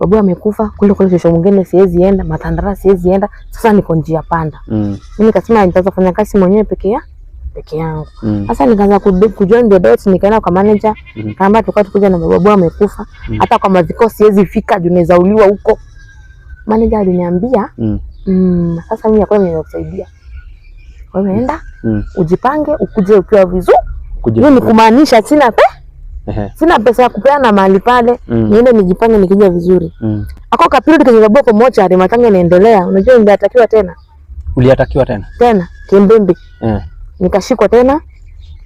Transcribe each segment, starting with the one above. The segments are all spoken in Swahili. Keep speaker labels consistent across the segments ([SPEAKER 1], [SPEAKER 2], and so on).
[SPEAKER 1] babu amekufa, kule kule kesho mwingine siwezi enda, matandara siwezi enda, sasa niko njia panda. Mm. Mimi nikasema nitaanza kufanya kazi mwenyewe peke ya peke yangu. Mm. Sasa mm. nikaanza kujoin the dots, nikaenda kwa manager mm. kaamba tukao tukuja na babu amekufa mm. hata kwa maziko siwezi fika juu naweza uliwa huko. Manager aliniambia mm. mm, sasa mimi nakwenda ninakusaidia wewe, mm. enda mm. ujipange ukuje ukiwa vizuri. Hiyo ni kumaanisha sina pesa sina pesa ya kupeana mahali pale mm. niende nijipange nikija vizuri mm. ako kapiriodi kenyebabua ari matanga inaendelea, unajua niliatakiwa tena.
[SPEAKER 2] Uliatakiwa tena
[SPEAKER 1] tena Kimbimbi yeah. nikashikwa tena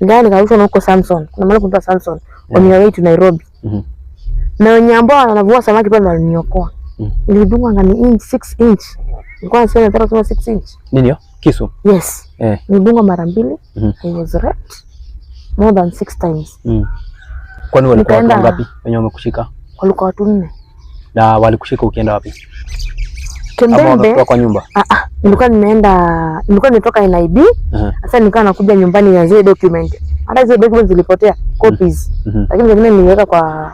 [SPEAKER 1] ndani nikarushwa na huko Samson kuna maana kutoa Samson yeah. on your way to Nairobi mm -hmm. na wenye ambao wanavua samaki pale waliniokoa mm. nilidunga ngani inch 6 inch nilikuwa nasema nataka kusema 6 inch
[SPEAKER 2] nini hiyo kisu
[SPEAKER 1] yes yeah. nilidunga mara mbili mm -hmm. i was raped more than 6 times mm.
[SPEAKER 2] Kwani walikuwa watu wangapi wenye wamekushika?
[SPEAKER 1] Walikuwa watu nne.
[SPEAKER 2] Na walikushika ukienda wapi? Kembembe Ama kwa nyumba.
[SPEAKER 1] Ah ah, nilikuwa nimeenda, nilikuwa nimetoka NIB. Uh-huh. Sasa nilikuwa nakuja nyumbani na zile document. Hata zile document zilipotea, mm-hmm. copies. Mm-hmm. Lakini zingine niliweka kwa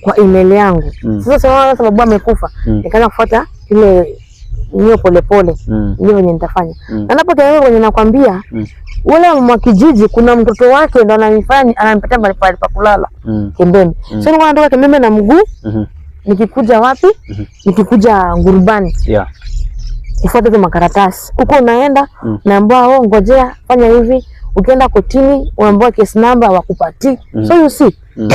[SPEAKER 1] kwa email yangu. Mm. Sasa sasa sababu amekufa, mm. nikaanza kufuata ile hiyo polepole, mm. ndio venye nitafanya. Na napotea kwenye nakwambia ule mwa kijiji kuna mtoto wake ndo ananifanya ananipatia mahali pa kulala mm. Kembeni mm. So nilikuwa natoka Kembeni na mguu mm -hmm. Nikikuja wapi mm -hmm. Nikikuja Ngurubani yeah. Kufuata hizo makaratasi huko unaenda mm. Naambiwa oh, ngojea fanya hivi, ukienda kotini unaambiwa kesi namba wakupati mm. So you see mm.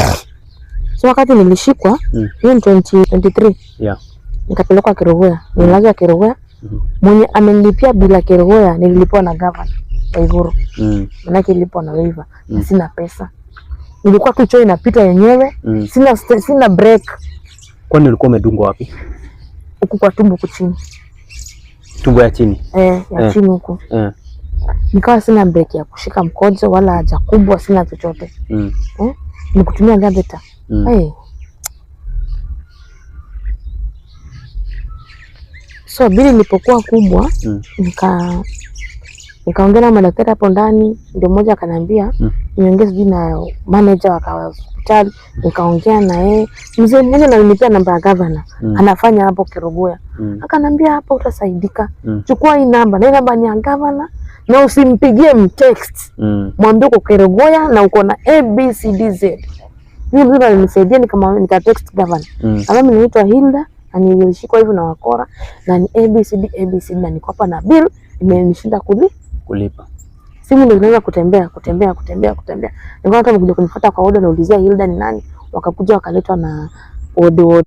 [SPEAKER 1] So wakati nilishikwa mm. hiyo ni 2023 yeah. Nikapelekwa Kerogoya, nilazwa Kerogoya mm -hmm. Mwenye amenilipia bila Kerogoya nililipiwa na gavana Iguru mm. Manake ilipo na waiva mm. Sina pesa, nilikuwa tu choo inapita yenyewe mm. Sina sina break.
[SPEAKER 2] Kwani ulikuwa umedungwa wapi?
[SPEAKER 1] Huku kwa tumbo kuchini, tumbo ya chini eh, ya eh. chini huku eh. Nikawa sina break ya kushika mkojo wala haja kubwa, sina chochote mm. eh? Nikutumia gabeta mm. hey. Eh. So bili ilipokuwa kubwa mm. nika Nikaongea na madaktari hapo ndani, ndio mmoja akaniambia hmm. niongee sijui na manager wa hospitali, nikaongea na yeye mzee mmoja, nalinipia namba ya governor hmm. anafanya hapo Kerugoya hmm. akanambia hapo utasaidika chukua hii namba na hii namba ni ya governor na usimpigie mtext mwambie uko Kerugoya na uko na ABCDZ. Mimi mzee alinisaidia, nikama nika text governor mm. mimi naitwa Hilda na nilishikwa hivi na wakora na ni ABCD ABCD na niko hapa na bill imenishinda kulipa kulipa. Simu ndio zinaweza kutembea kutembea kutembea kutembea. Ndio watu wamekuja kunifuata kwa oda, naulizia Hilda ni nani, wakakuja wakaletwa na odo odo.